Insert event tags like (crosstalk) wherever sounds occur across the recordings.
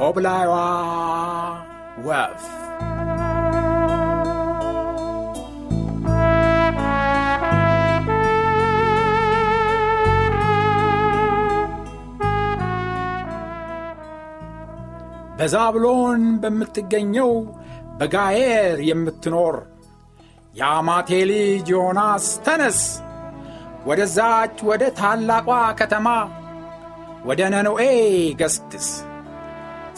ሆብላይዋ ወፍ በዛብሎን በምትገኘው በጋየር የምትኖር የአማቴ ልጅ ዮናስ ተነስ፣ ወደዛች ወደ ታላቋ ከተማ ወደ ነኖኤ ገስግስ።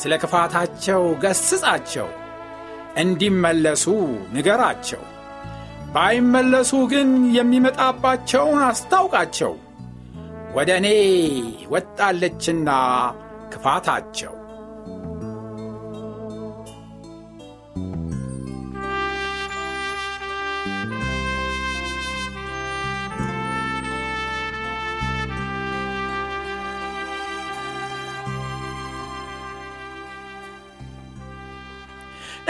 ስለ ክፋታቸው ገስጻቸው፣ እንዲመለሱ ንገራቸው። ባይመለሱ ግን የሚመጣባቸውን አስታውቃቸው። ወደ እኔ ወጣለችና ክፋታቸው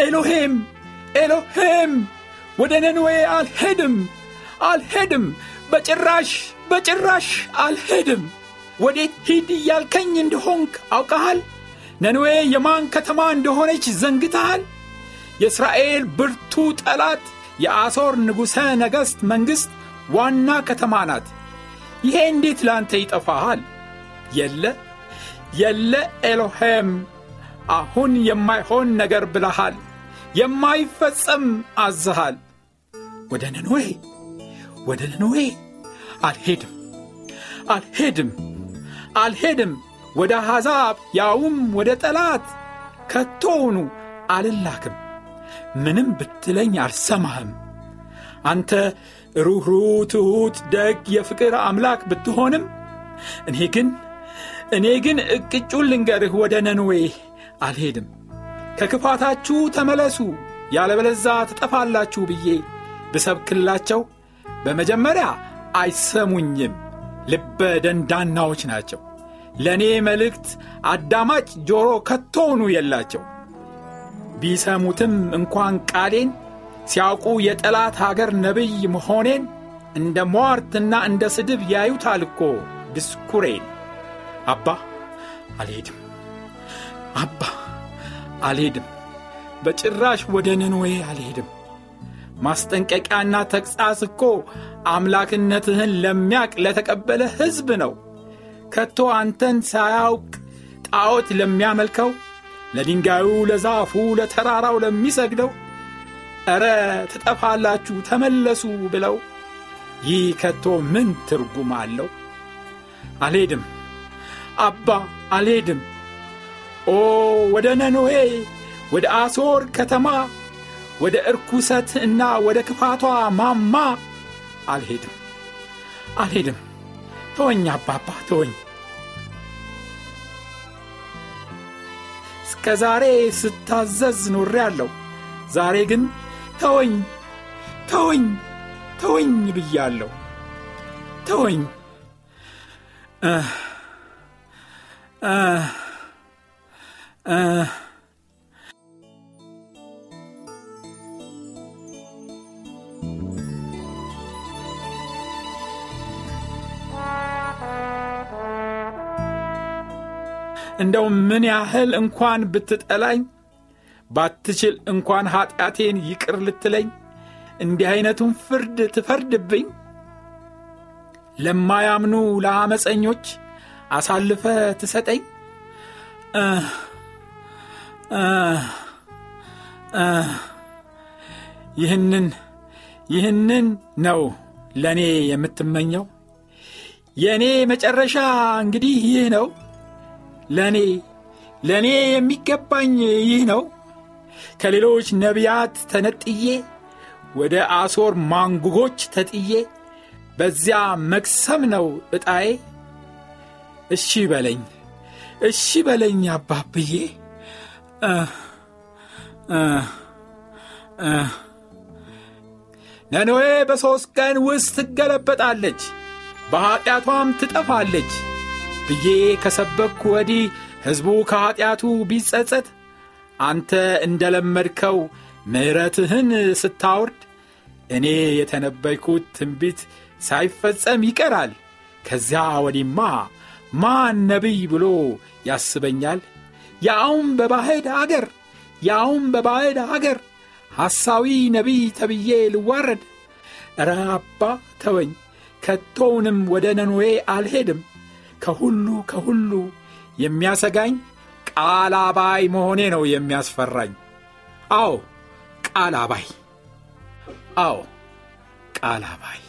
ኤሎሄም ኤሎሄም ወደ ነንዌ አልሄድም አልሄድም በጭራሽ በጭራሽ አልሄድም ወዴት ሂድ እያልከኝ እንደሆንክ አውቀሃል ነንዌ የማን ከተማ እንደሆነች ዘንግተሃል የእስራኤል ብርቱ ጠላት የአሦር ንጉሠ ነገሥት መንግሥት ዋና ከተማ ናት ይሄ እንዴት ላንተ ይጠፋሃል የለ የለ ኤሎሄም አሁን የማይሆን ነገር ብለሃል የማይፈጸም አዝሃል። ወደ ነነዌ ወደ ነነዌ አልሄድም አልሄድም አልሄድም፣ ወደ አሕዛብ ያውም ወደ ጠላት ከቶውኑ አልላክም። ምንም ብትለኝ አልሰማህም። አንተ ሩኅሩ ትሑት፣ ደግ የፍቅር አምላክ ብትሆንም እኔ ግን እኔ ግን እቅጩን ልንገርህ፣ ወደ ነነዌ አልሄድም። ከክፋታችሁ ተመለሱ ያለበለዛ ትጠፋላችሁ ብዬ ብሰብክላቸው በመጀመሪያ አይሰሙኝም ልበ ደንዳናዎች ናቸው ለእኔ መልእክት አዳማጭ ጆሮ ከቶውኑ የላቸው ቢሰሙትም እንኳን ቃሌን ሲያውቁ የጠላት አገር ነቢይ መሆኔን እንደ ሟርትና እንደ ስድብ ያዩታል እኮ ድስኩሬን አባ አልሄድም አባ አልሄድም፣ በጭራሽ ወደ ነነዌ አልሄድም። ማስጠንቀቂያና ተግሣጽ እኮ አምላክነትህን ለሚያቅ ለተቀበለ ሕዝብ ነው። ከቶ አንተን ሳያውቅ ጣዖት ለሚያመልከው፣ ለድንጋዩ፣ ለዛፉ፣ ለተራራው ለሚሰግደው እረ ትጠፋላችሁ ተመለሱ ብለው ይህ ከቶ ምን ትርጉም አለው? አልሄድም አባ አልሄድም ኦ ወደ ነኖሄ ወደ አሶር ከተማ ወደ እርኩሰት እና ወደ ክፋቷ ማማ አልሄድም አልሄድም ተወኝ አባባ ተወኝ እስከ ዛሬ ስታዘዝ ኖሬ አለሁ ዛሬ ግን ተወኝ ተወኝ ተወኝ ብያለሁ ተወኝ Uh. እንደው ምን ያህል እንኳን ብትጠላኝ ባትችል እንኳን ኀጢአቴን ይቅር ልትለኝ እንዲህ ዐይነቱን ፍርድ ትፈርድብኝ ለማያምኑ ለአመፀኞች አሳልፈ ትሰጠኝ uh. ይህንን ይህንን ነው ለእኔ የምትመኘው የእኔ መጨረሻ እንግዲህ ይህ ነው ለእኔ ለእኔ የሚገባኝ ይህ ነው ከሌሎች ነቢያት ተነጥዬ ወደ አሶር ማንጉጎች ተጥዬ በዚያ መቅሰም ነው ዕጣዬ እሺ በለኝ እሺ በለኝ አባብዬ ነነዌ በሦስት ቀን ውስጥ ትገለበጣለች፣ በኀጢአቷም ትጠፋለች ብዬ ከሰበኩ ወዲህ ሕዝቡ ከኀጢአቱ ቢጸጸት አንተ እንደ ለመድከው ምሕረትህን ስታወርድ እኔ የተነበይኩት ትንቢት ሳይፈጸም ይቀራል። ከዚያ ወዲማ ማን ነቢይ ብሎ ያስበኛል? ያውም በባዕድ አገር ያውም በባዕድ አገር ሐሳዊ ነቢይ ተብዬ ልዋረድ እረ አባ ተወኝ ከቶውንም ወደ ነኖዌ አልሄድም ከሁሉ ከሁሉ የሚያሰጋኝ ቃል አባይ መሆኔ ነው የሚያስፈራኝ አዎ ቃል አባይ አዎ ቃል አባይ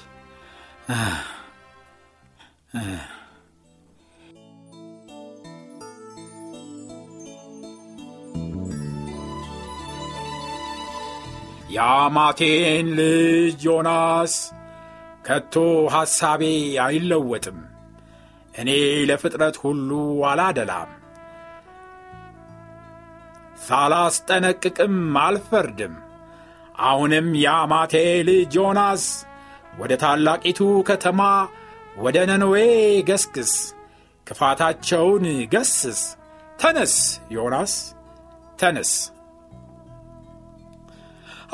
የአማቴን ልጅ ዮናስ ከቶ ሐሳቤ አይለወጥም። እኔ ለፍጥረት ሁሉ አላደላም፣ ሳላስጠነቅቅም አልፈርድም። አሁንም የአማቴ ልጅ ዮናስ ወደ ታላቂቱ ከተማ ወደ ነነዌ ገስግስ፣ ክፋታቸውን ገስስ። ተነስ ዮናስ ተነስ።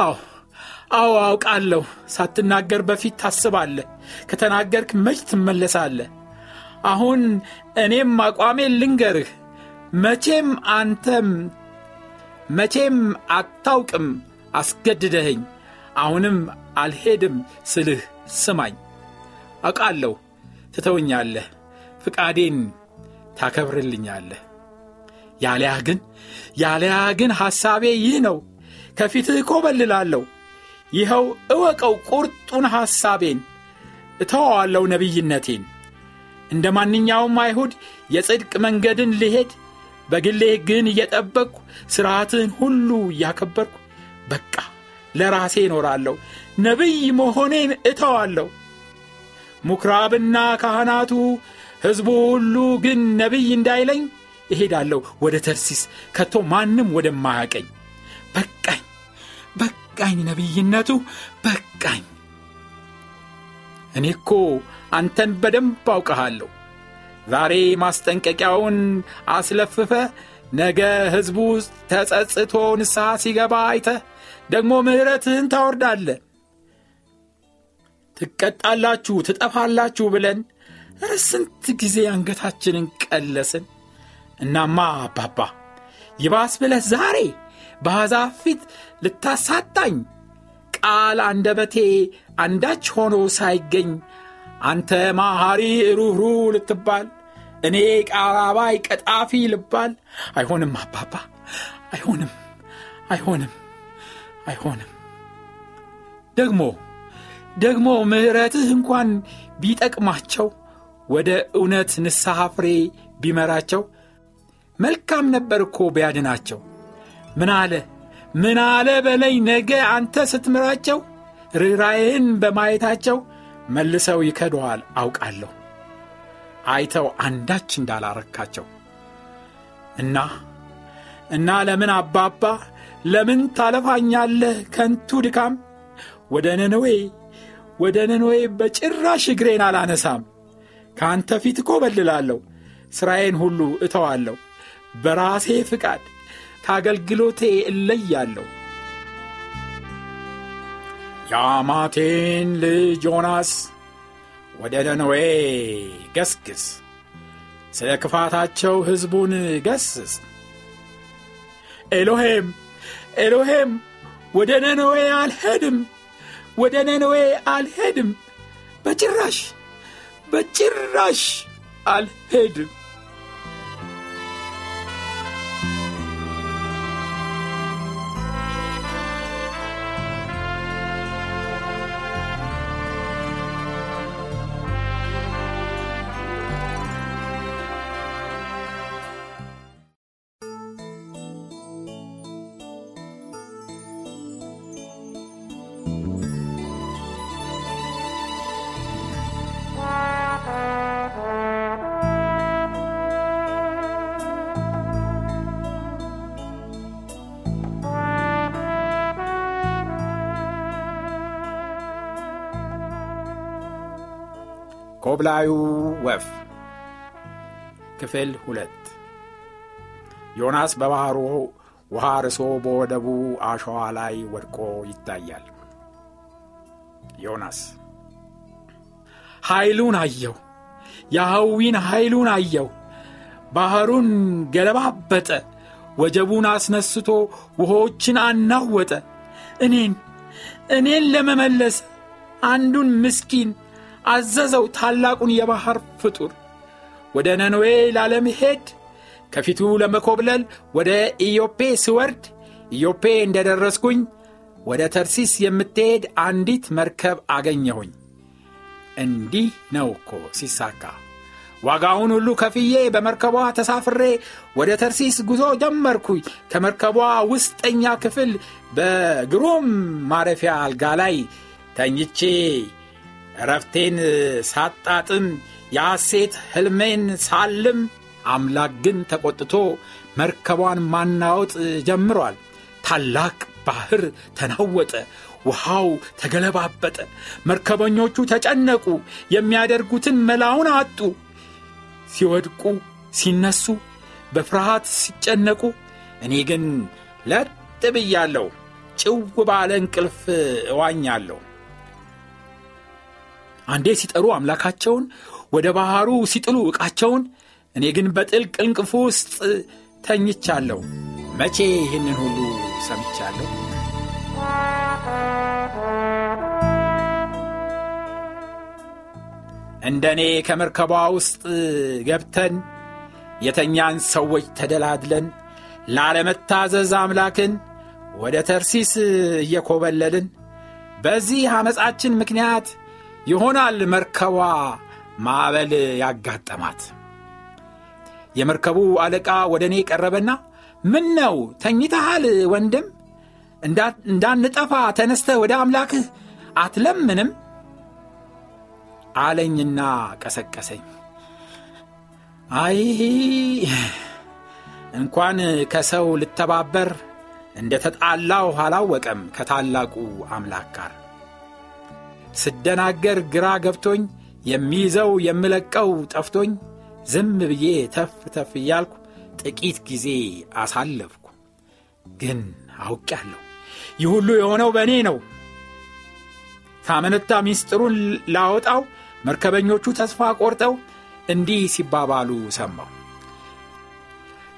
አዎ አዎ አውቃለሁ። ሳትናገር በፊት ታስባለህ። ከተናገርክ መች ትመለሳለህ። አሁን እኔም አቋሜን ልንገርህ። መቼም አንተም መቼም አታውቅም። አስገድደኸኝ፣ አሁንም አልሄድም ስልህ ስማኝ። አውቃለሁ ትተውኛለህ፣ ፍቃዴን ታከብርልኛለህ። ያለያ ግን ያለያ ግን ሐሳቤ ይህ ነው። ከፊትህ ኮበልላለሁ። ይኸው እወቀው ቁርጡን ሐሳቤን፣ እተዋዋለው ነቢይነቴን። እንደ ማንኛውም አይሁድ የጽድቅ መንገድን ልሄድ፣ በግሌ ግን እየጠበቅሁ ሥርዓትህን ሁሉ እያከበርኩ በቃ ለራሴ እኖራለሁ፣ ነቢይ መሆኔን እተዋለሁ። ሙክራብና ካህናቱ ሕዝቡ ሁሉ ግን ነቢይ እንዳይለኝ እሄዳለሁ ወደ ተርሲስ ከቶ ማንም ወደማያቀኝ በቃኝ፣ በቃኝ፣ ነቢይነቱ በቃኝ። እኔ እኮ አንተን በደንብ አውቀሃለሁ። ዛሬ ማስጠንቀቂያውን አስለፍፈ ነገ ሕዝቡ ተጸጽቶ ንስሐ ሲገባ አይተ ደግሞ ምሕረትህን ታወርዳለ። ትቀጣላችሁ፣ ትጠፋላችሁ ብለን ስንት ጊዜ አንገታችንን ቀለስን። እናማ አባባ ይባስ ብለህ ዛሬ በአሕዛብ ፊት ልታሳጣኝ ቃል አንደበቴ አንዳች ሆኖ ሳይገኝ አንተ ማሐሪ ሩኅሩ ልትባል እኔ ቃራባይ ቀጣፊ ልባል አይሆንም አባባ አይሆንም አይሆንም አይሆንም ደግሞ ደግሞ ምሕረትህ እንኳን ቢጠቅማቸው ወደ እውነት ንስሐ ፍሬ ቢመራቸው መልካም ነበር እኮ ቢያድናቸው ምን አለ ምን አለ በለኝ ነገ አንተ ስትምራቸው ርራይህን በማየታቸው መልሰው ይከደዋል አውቃለሁ አይተው አንዳች እንዳላረካቸው እና እና ለምን አባባ ለምን ታለፋኛለህ ከንቱ ድካም ወደ ነነዌ ወደ ነነዌ በጭራሽ እግሬን አላነሳም ከአንተ ፊት እኮ በልላለሁ ሥራዬን ሁሉ እተዋለሁ በራሴ ፍቃድ ከአገልግሎቴ እለያለሁ። የአማቴን ልጅ ዮናስ ወደ ነነዌ ገስግስ፣ ስለ ክፋታቸው ሕዝቡን ገስስ። ኤሎሄም ኤሎሄም ወደ ነነዌ አልሄድም፣ ወደ ነነዌ አልሄድም፣ በጭራሽ በጭራሽ አልሄድም ኮብላዩ ወፍ ክፍል ሁለት ዮናስ በባሕሩ ውሃ ርሶ በወደቡ አሸዋ ላይ ወድቆ ይታያል። ዮናስ ኃይሉን አየው፣ የሐዊን ኃይሉን አየው። ባሕሩን ገለባበጠ፣ ወጀቡን አስነስቶ ውሆችን አናወጠ። እኔን እኔን ለመመለስ አንዱን ምስኪን አዘዘው ታላቁን የባሕር ፍጡር ወደ ነኖዌ ላለመሄድ ከፊቱ ለመኮብለል ወደ ኢዮፔ ስወርድ ኢዮፔ እንደ ደረስኩኝ ወደ ተርሲስ የምትሄድ አንዲት መርከብ አገኘሁኝ። እንዲህ ነው እኮ ሲሳካ። ዋጋውን ሁሉ ከፍዬ በመርከቧ ተሳፍሬ ወደ ተርሲስ ጉዞ ጀመርኩኝ። ከመርከቧ ውስጠኛ ክፍል በግሩም ማረፊያ አልጋ ላይ ተኝቼ እረፍቴን ሳጣጥም የሐሴት ሕልሜን ሳልም አምላክ ግን ተቆጥቶ መርከቧን ማናወጥ ጀምሯል። ታላቅ ባህር ተናወጠ፣ ውሃው ተገለባበጠ። መርከበኞቹ ተጨነቁ፣ የሚያደርጉትን መላውን አጡ። ሲወድቁ ሲነሱ፣ በፍርሃት ሲጨነቁ፣ እኔ ግን ለጥ ብያለሁ፣ ጭው ባለ እንቅልፍ እዋኛለሁ። አንዴ ሲጠሩ አምላካቸውን ወደ ባህሩ ሲጥሉ ዕቃቸውን እኔ ግን በጥልቅ እንቅፉ ውስጥ ተኝቻለሁ። መቼ ይህንን ሁሉ ሰምቻለሁ? እንደ እኔ ከመርከቧ ውስጥ ገብተን የተኛን ሰዎች ተደላድለን ላለመታዘዝ አምላክን ወደ ተርሲስ እየኮበለልን በዚህ ዓመፃችን ምክንያት ይሆናል መርከቧ ማዕበል ያጋጠማት። የመርከቡ አለቃ ወደ እኔ ቀረበና ምን ነው ተኝተሃል ወንድም? እንዳንጠፋ ተነስተ ወደ አምላክህ አትለምንም አለኝና ቀሰቀሰኝ። አይ እንኳን ከሰው ልተባበር እንደ ተጣላሁ አላወቀም ከታላቁ አምላክ ጋር ስደናገር ግራ ገብቶኝ የሚይዘው የምለቀው ጠፍቶኝ ዝም ብዬ ተፍ ተፍ እያልኩ ጥቂት ጊዜ አሳለፍኩ። ግን አውቅያለሁ ይህ ሁሉ የሆነው በእኔ ነው። ሳመነታ ሚስጥሩን ላወጣው መርከበኞቹ ተስፋ ቆርጠው እንዲህ ሲባባሉ ሰማው!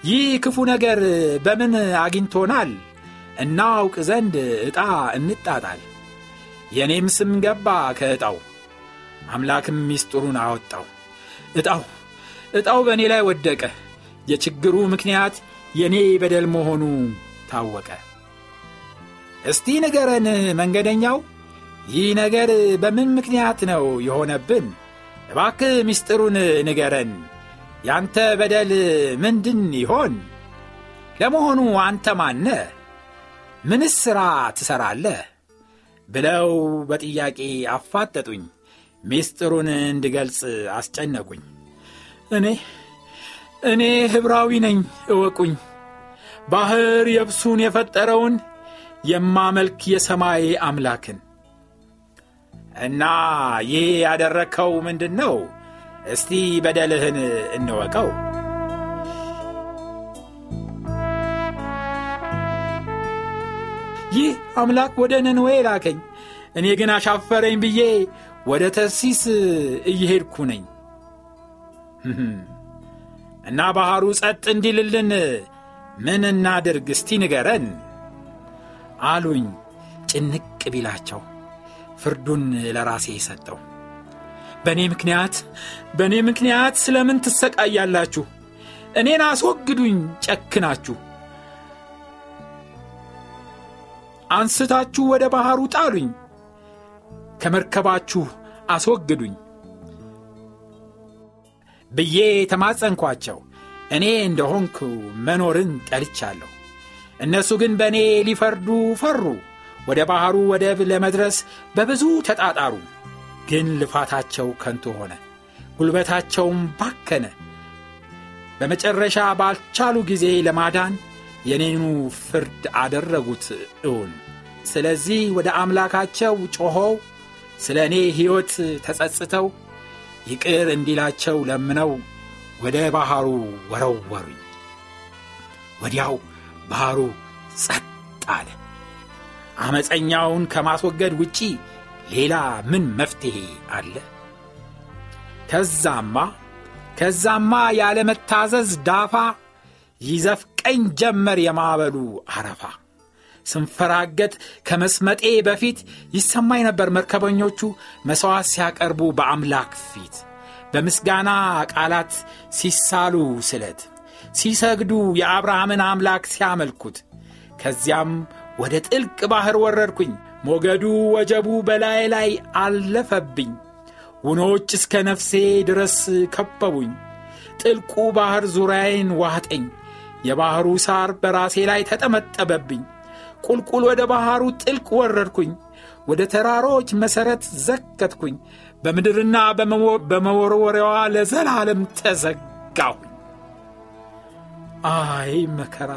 ይህ ክፉ ነገር በምን አግኝቶናል? እናውቅ ዘንድ ዕጣ እንጣጣል። የእኔም ስም ገባ ከዕጣው አምላክም ሚስጥሩን አወጣው ዕጣው ዕጣው በእኔ ላይ ወደቀ የችግሩ ምክንያት የእኔ በደል መሆኑ ታወቀ እስቲ ንገረን መንገደኛው ይህ ነገር በምን ምክንያት ነው የሆነብን እባክ ምስጢሩን ንገረን ያንተ በደል ምንድን ይሆን ለመሆኑ አንተ ማነ ምንስ ሥራ ትሠራለህ ብለው በጥያቄ አፋጠጡኝ። ምስጢሩን እንድገልጽ አስጨነቁኝ። እኔ እኔ ኅብራዊ ነኝ እወቁኝ፣ ባሕር የብሱን የፈጠረውን የማመልክ የሰማይ አምላክን። እና ይህ ያደረግከው ምንድን ነው? እስቲ በደልህን እንወቀው። ይህ አምላክ ወደ ነንዌ ላከኝ እኔ ግን አሻፈረኝ ብዬ ወደ ተርሲስ እየሄድኩ ነኝ (laughs) እና ባሕሩ ጸጥ እንዲልልን ምን እናድርግ እስቲ ንገረን አሉኝ ጭንቅ ቢላቸው ፍርዱን ለራሴ ሰጠው በእኔ ምክንያት በእኔ ምክንያት ስለምን ትሰቃያላችሁ እኔን አስወግዱኝ ጨክናችሁ አንስታችሁ ወደ ባሕሩ ጣሉኝ፣ ከመርከባችሁ አስወግዱኝ ብዬ ተማጸንኳቸው። እኔ እንደሆንኩ መኖርን ጠልቻለሁ። እነሱ ግን በእኔ ሊፈርዱ ፈሩ። ወደ ባሕሩ ወደብ ለመድረስ በብዙ ተጣጣሩ። ግን ልፋታቸው ከንቱ ሆነ፣ ጉልበታቸውም ባከነ። በመጨረሻ ባልቻሉ ጊዜ ለማዳን የኔኑ ፍርድ አደረጉት እውን ስለዚህ ወደ አምላካቸው ጮኸው ስለ እኔ ሕይወት ተጸጽተው ይቅር እንዲላቸው ለምነው ወደ ባሕሩ ወረወሩኝ ወዲያው ባሕሩ ጸጥ አለ አመፀኛውን ከማስወገድ ውጪ ሌላ ምን መፍትሔ አለ ከዛማ ከዛማ ያለመታዘዝ ዳፋ ይዘፍ ቀኝ ጀመር የማዕበሉ አረፋ ስንፈራገጥ ከመስመጤ በፊት ይሰማኝ ነበር መርከበኞቹ መሥዋዕት ሲያቀርቡ በአምላክ ፊት በምስጋና ቃላት ሲሳሉ ስለት ሲሰግዱ የአብርሃምን አምላክ ሲያመልኩት ከዚያም ወደ ጥልቅ ባሕር ወረድኩኝ ሞገዱ ወጀቡ በላይ ላይ አለፈብኝ ውኖች እስከ ነፍሴ ድረስ ከበቡኝ ጥልቁ ባሕር ዙሪያዬን ዋጠኝ የባሕሩ ሳር በራሴ ላይ ተጠመጠበብኝ። ቁልቁል ወደ ባሕሩ ጥልቅ ወረድኩኝ። ወደ ተራሮች መሠረት ዘከትኩኝ። በምድርና በመወርወሪያዋ ለዘላለም ተዘጋሁ አይ መከራ!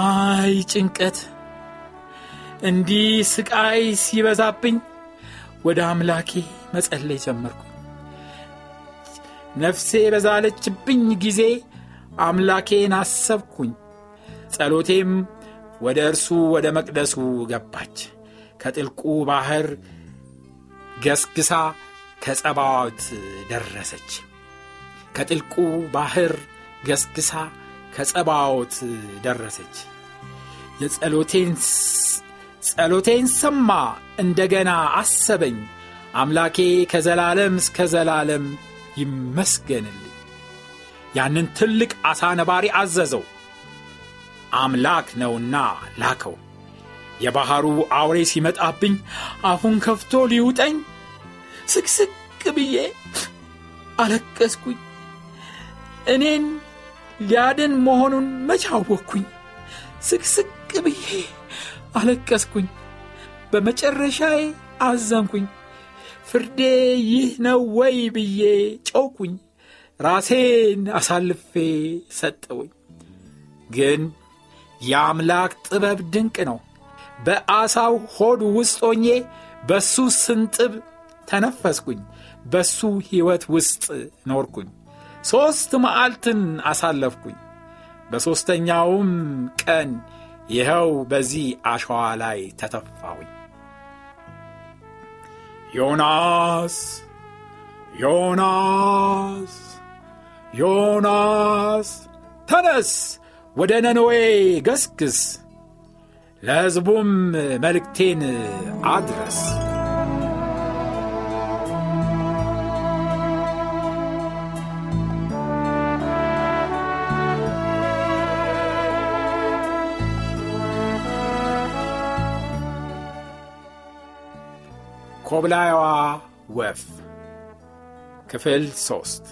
አይ ጭንቀት! እንዲህ ሥቃይ ሲበዛብኝ ወደ አምላኬ መጸለይ ጀመርኩ። ነፍሴ በዛለችብኝ ጊዜ አምላኬን አሰብኩኝ፣ ጸሎቴም ወደ እርሱ ወደ መቅደሱ ገባች። ከጥልቁ ባህር ገስግሳ ከጸባዋት ደረሰች። ከጥልቁ ባህር ገስግሳ ከጸባዎት ደረሰች። የጸሎቴን ጸሎቴን ሰማ፣ እንደገና አሰበኝ። አምላኬ ከዘላለም እስከ ዘላለም ይመስገንልኝ። ያንን ትልቅ ዓሣ ነባሪ አዘዘው። አምላክ ነውና ላከው። የባሕሩ አውሬ ሲመጣብኝ አፉን ከፍቶ ሊውጠኝ ስቅስቅ ብዬ አለቀስኩኝ። እኔን ሊያድን መሆኑን መቼ ስቅስቅ ብዬ አለቀስኩኝ። በመጨረሻዬ አዘንኩኝ። ፍርዴ ይህ ነው ወይ ብዬ ጮኩኝ። ራሴን አሳልፌ ሰጠውኝ። ግን የአምላክ ጥበብ ድንቅ ነው። በአሳው ሆድ ውስጥ ሆኜ በሱ ስንጥብ ተነፈስኩኝ፣ በሱ ሕይወት ውስጥ ኖርኩኝ። ሦስት መዓልትን አሳለፍኩኝ። በሦስተኛውም ቀን ይኸው በዚህ አሸዋ ላይ ተተፋውኝ ዮናስ ዮናስ ዮናስ ተነስ ወደ ነነዌ ገስግስ ለሕዝቡም መልእክቴን አድረስ ኮብላዩዋ ወፍ ክፍል ሶስት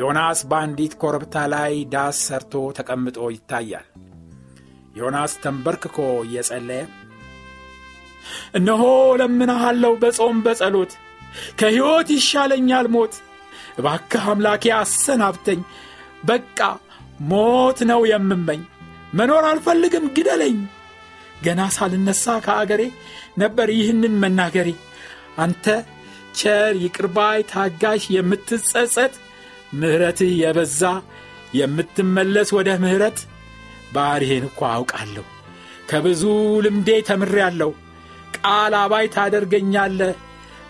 ዮናስ በአንዲት ኮረብታ ላይ ዳስ ሰርቶ ተቀምጦ ይታያል። ዮናስ ተንበርክኮ እየጸለየ እነሆ ለምንሃለው፣ በጾም በጸሎት ከሕይወት ይሻለኛል ሞት። እባክህ አምላኬ አሰናብተኝ፣ በቃ ሞት ነው የምመኝ። መኖር አልፈልግም፣ ግደለኝ። ገና ሳልነሣ ከአገሬ ነበር ይህንን መናገሬ። አንተ ቸር ይቅርባይ ታጋሽ የምትጸጸት ምሕረትህ የበዛ የምትመለስ ወደ ምሕረት ባሕርህን እኳ አውቃለሁ። ከብዙ ልምዴ ተምሬአለሁ። ቃል አባይ ታደርገኛለህ፣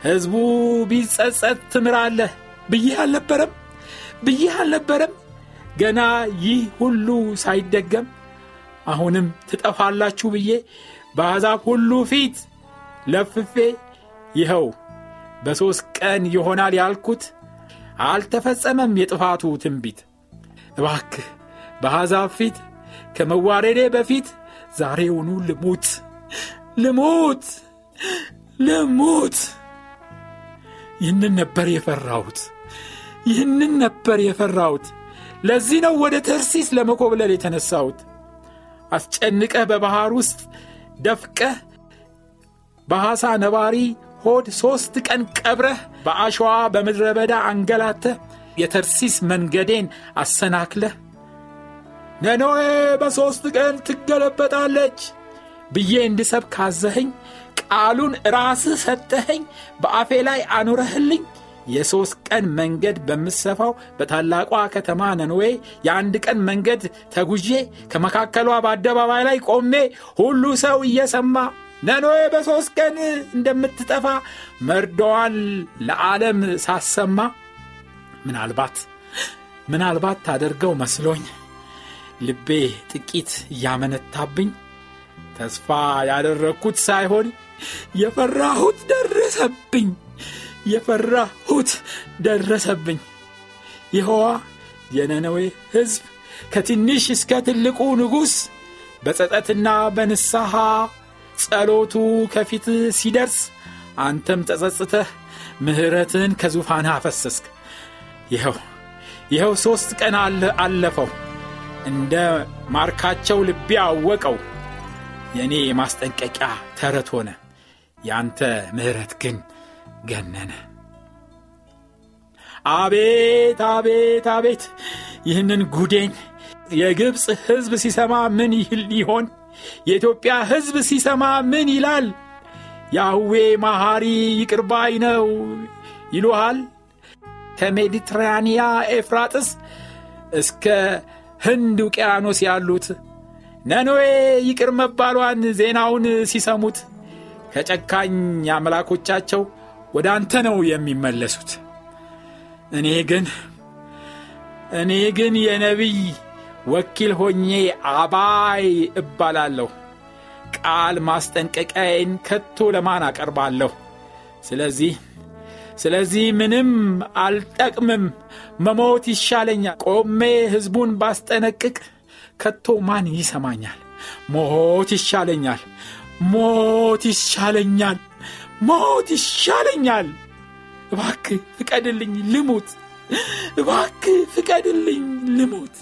ሕዝቡ ቢጸጸት ትምራለህ ብዬህ አልነበረም ብዬህ አልነበረም። ገና ይህ ሁሉ ሳይደገም አሁንም ትጠፋላችሁ ብዬ በአሕዛብ ሁሉ ፊት ለፍፌ ይኸው በሦስት ቀን ይሆናል ያልኩት አልተፈጸመም የጥፋቱ ትንቢት እባክህ በአሕዛብ ፊት ከመዋረዴ በፊት ዛሬውኑ ልሙት ልሙት ልሙት ይህንን ነበር የፈራሁት ይህንን ነበር የፈራሁት ለዚህ ነው ወደ ተርሲስ ለመኮብለል የተነሳሁት አስጨንቀህ በባሕር ውስጥ ደፍቀህ በሐሳ ነባሪ ሆድ ሦስት ቀን ቀብረህ በአሸዋ በምድረ በዳ አንገላተህ የተርሲስ መንገዴን አሰናክለህ ነኖዌ በሦስት ቀን ትገለበጣለች ብዬ እንድሰብ ካዘኸኝ ቃሉን ራስህ ሰጠኸኝ፣ በአፌ ላይ አኑረህልኝ። የሦስት ቀን መንገድ በምሰፋው በታላቋ ከተማ ነነዌ የአንድ ቀን መንገድ ተጉዤ ከመካከሏ በአደባባይ ላይ ቆሜ ሁሉ ሰው እየሰማ ነኖዌ በሦስት ቀን እንደምትጠፋ መርዶዋን ለዓለም ሳሰማ ምናልባት ምናልባት ታደርገው መስሎኝ ልቤ ጥቂት እያመነታብኝ ተስፋ ያደረግኩት ሳይሆን የፈራሁት ደረሰብኝ የፈራሁት ደረሰብኝ ይኸዋ የነነዌ ሕዝብ ከትንሽ እስከ ትልቁ ንጉሥ በጸጠትና በንስሐ ጸሎቱ ከፊት ሲደርስ አንተም ተጸጽተህ ምሕረትን ከዙፋንህ አፈሰስክ። ይኸው ይኸው ሦስት ቀን አለፈው፣ እንደ ማርካቸው ልቤ አወቀው። የእኔ የማስጠንቀቂያ ተረት ሆነ፣ ያንተ ምሕረት ግን ገነነ። አቤት አቤት አቤት! ይህንን ጉዴኝ የግብፅ ሕዝብ ሲሰማ ምን ይህል ይሆን? የኢትዮጵያ ሕዝብ ሲሰማ ምን ይላል? ያህዌ ማሐሪ ይቅርባይ ነው ይሉሃል። ከሜዲትራንያ ኤፍራጥስ እስከ ህንድ ውቅያኖስ ያሉት ነኖዌ ይቅር መባሏን ዜናውን ሲሰሙት ከጨካኝ አምላኮቻቸው ወደ አንተ ነው የሚመለሱት። እኔ ግን እኔ ግን የነቢይ ወኪል ሆኜ አባይ እባላለሁ። ቃል ማስጠንቀቂያዬን ከቶ ለማን አቀርባለሁ? ስለዚህ ስለዚህ ምንም አልጠቅምም፣ መሞት ይሻለኛል። ቆሜ ሕዝቡን ባስጠነቅቅ ከቶ ማን ይሰማኛል? ሞት ይሻለኛል፣ ሞት ይሻለኛል፣ ሞት ይሻለኛል። እባክ ፍቀድልኝ ልሙት፣ እባክ ፍቀድልኝ ልሙት።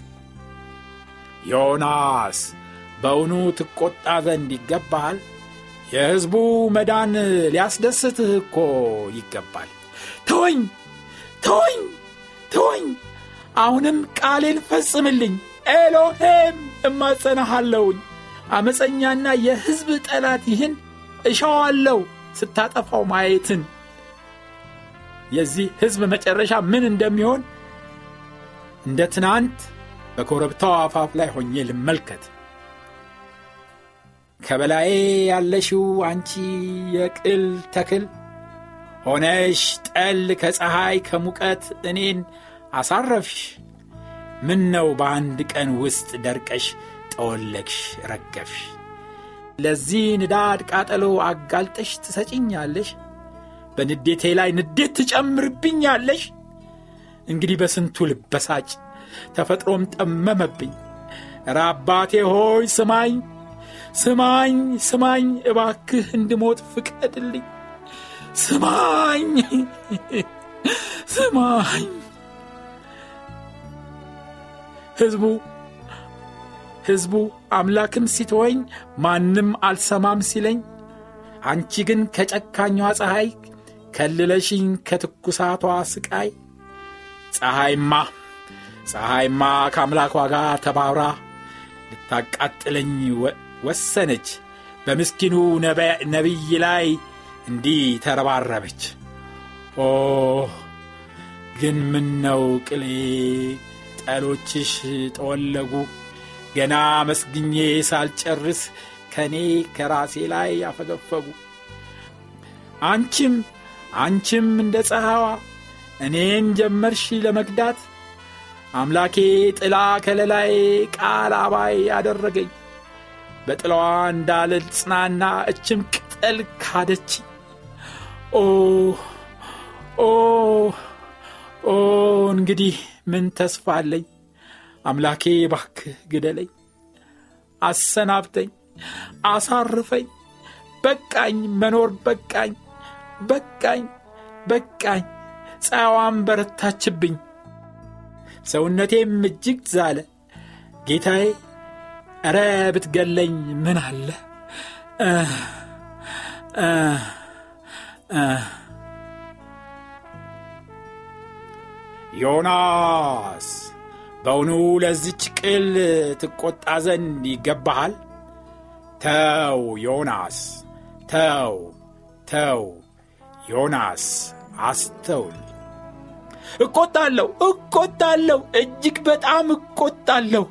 ዮናስ በውኑ ትቈጣ ዘንድ ይገባሃል? የሕዝቡ መዳን ሊያስደስትህ እኮ ይገባል። ተወኝ ተወኝ ተወኝ፣ አሁንም ቃሌን ፈጽምልኝ። ኤሎሄም እማጸናሃለውኝ ዓመፀኛና የሕዝብ ጠላት ይህን እሻዋለው ስታጠፋው ማየትን የዚህ ሕዝብ መጨረሻ ምን እንደሚሆን እንደ ትናንት በኮረብታው አፋፍ ላይ ሆኜ ልመልከት። ከበላዬ ያለሽው አንቺ የቅል ተክል ሆነሽ ጠል ከፀሐይ ከሙቀት እኔን አሳረፍሽ። ምን ነው በአንድ ቀን ውስጥ ደርቀሽ ጠወለግሽ፣ ረገፍሽ። ለዚህ ንዳድ ቃጠሎ አጋልጠሽ ትሰጪኛለሽ። በንዴቴ ላይ ንዴት ትጨምርብኛለሽ። እንግዲህ በስንቱ ልበሳጭ ተፈጥሮም ጠመመብኝ። ኧረ አባቴ ሆይ ስማኝ፣ ስማኝ፣ ስማኝ፣ እባክህ እንድሞት ፍቀድልኝ፣ ስማኝ፣ ስማኝ። ሕዝቡ ሕዝቡ አምላክም ሲትወኝ ማንም አልሰማም ሲለኝ አንቺ ግን ከጨካኛ ፀሐይ ከልለሽኝ ከትኩሳቷ ስቃይ ፀሐይማ ፀሐይማ ከአምላኳ ጋር ተባብራ ልታቃጥለኝ ወሰነች በምስኪኑ ነቢይ ላይ እንዲህ ተረባረበች ኦ ግን ምን ነው ቅሌ ጠሎችሽ ጠወለጉ ገና መስግኜ ሳልጨርስ ከእኔ ከራሴ ላይ ያፈገፈጉ አንቺም አንቺም እንደ ፀሐዋ እኔን ጀመርሽ ለመግዳት አምላኬ ጥላ ከለላይ ቃል አባይ ያደረገኝ በጥላዋ እንዳልል ጽናና እችም ቅጠል ካደች ኦ ኦ ኦ እንግዲህ ምን ተስፋ አለኝ አምላኬ ባክ ግደለኝ አሰናብተኝ አሳርፈኝ በቃኝ መኖር በቃኝ በቃኝ በቃኝ ፀሐይዋም በረታችብኝ ሰውነቴም እጅግ ዛለ። ጌታዬ እረ ብትገለኝ ምን አለ ዮናስ በውኑ ለዚች ቅል ትቈጣ ዘንድ ይገባሃል? ተው ዮናስ፣ ተው ተው ዮናስ አስተውል። እቆጣለሁ እቆጣለሁ እጅግ በጣም እቆጣለሁ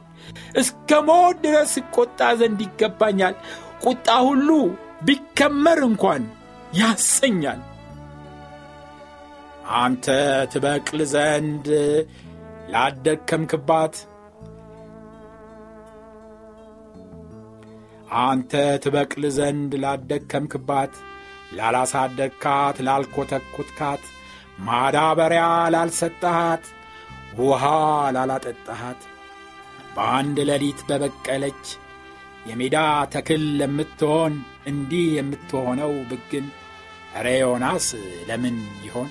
እስከ መሆን ድረስ እቆጣ ዘንድ ይገባኛል ቁጣ ሁሉ ቢከመር እንኳን ያሰኛል አንተ ትበቅል ዘንድ ላደከምክባት አንተ ትበቅል ዘንድ ላደከምክባት ላላሳደግካት ላልኮተኩትካት ማዳበሪያ ላልሰጠሃት፣ ውሃ ላላጠጣሃት፣ በአንድ ሌሊት በበቀለች የሜዳ ተክል ለምትሆን እንዲህ የምትሆነው ብግን ሬዮናስ ለምን ይሆን?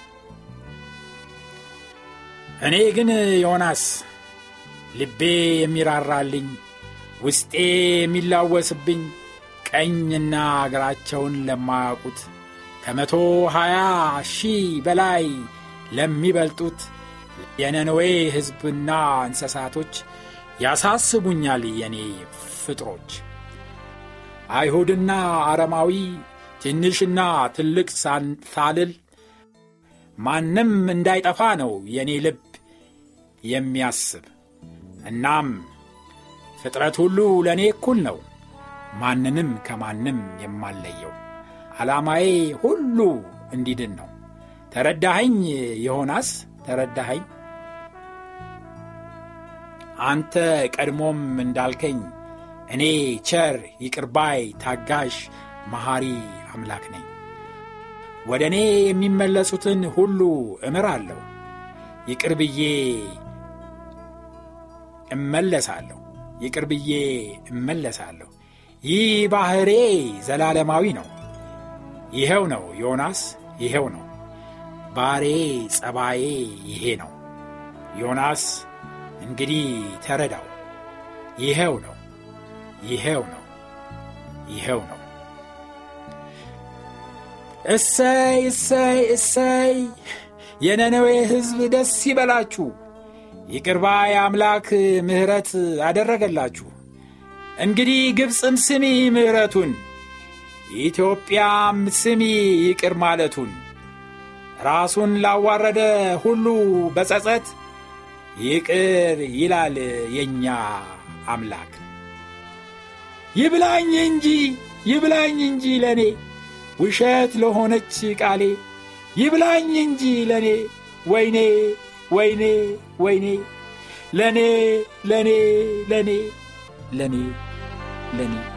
እኔ ግን ዮናስ ልቤ የሚራራልኝ ውስጤ የሚላወስብኝ ቀኝና እግራቸውን ለማያውቁት ከመቶ ሀያ ሺህ በላይ ለሚበልጡት የነነዌ ሕዝብና እንስሳቶች ያሳስቡኛል የኔ ፍጥሮች። አይሁድና አረማዊ ትንሽና ትልቅ ሳልል ማንም እንዳይጠፋ ነው የኔ ልብ የሚያስብ። እናም ፍጥረት ሁሉ ለእኔ እኩል ነው፣ ማንንም ከማንም የማለየው። ዓላማዬ ሁሉ እንዲድን ነው። ተረዳኸኝ ዮናስ ተረዳኸኝ። አንተ ቀድሞም እንዳልከኝ እኔ ቸር፣ ይቅርባይ፣ ታጋሽ፣ መሐሪ አምላክ ነኝ። ወደ እኔ የሚመለሱትን ሁሉ እምራለሁ፣ ይቅር ብዬ እመለሳለሁ፣ ይቅር ብዬ እመለሳለሁ። ይህ ባሕሬ ዘላለማዊ ነው። ይሄው ነው ዮናስ፣ ይሄው ነው ባሬ፣ ጸባዬ ይሄ ነው ዮናስ፣ እንግዲህ ተረዳው። ይሄው ነው ይሄው ነው ይሄው ነው። እሰይ እሰይ እሰይ! የነነዌ ሕዝብ ደስ ይበላችሁ፣ ይቅርባ የአምላክ ምሕረት አደረገላችሁ። እንግዲህ ግብፅም ስሚ ምሕረቱን ኢትዮጵያም ስሚ ይቅር ማለቱን ራሱን ላዋረደ ሁሉ በጸጸት ይቅር ይላል የእኛ አምላክ። ይብላኝ እንጂ ይብላኝ እንጂ ለእኔ ውሸት ለሆነች ቃሌ ይብላኝ እንጂ ለእኔ ወይኔ ወይኔ ወይኔ ለእኔ ለእኔ ለእኔ ለእኔ ለእኔ ለእኔ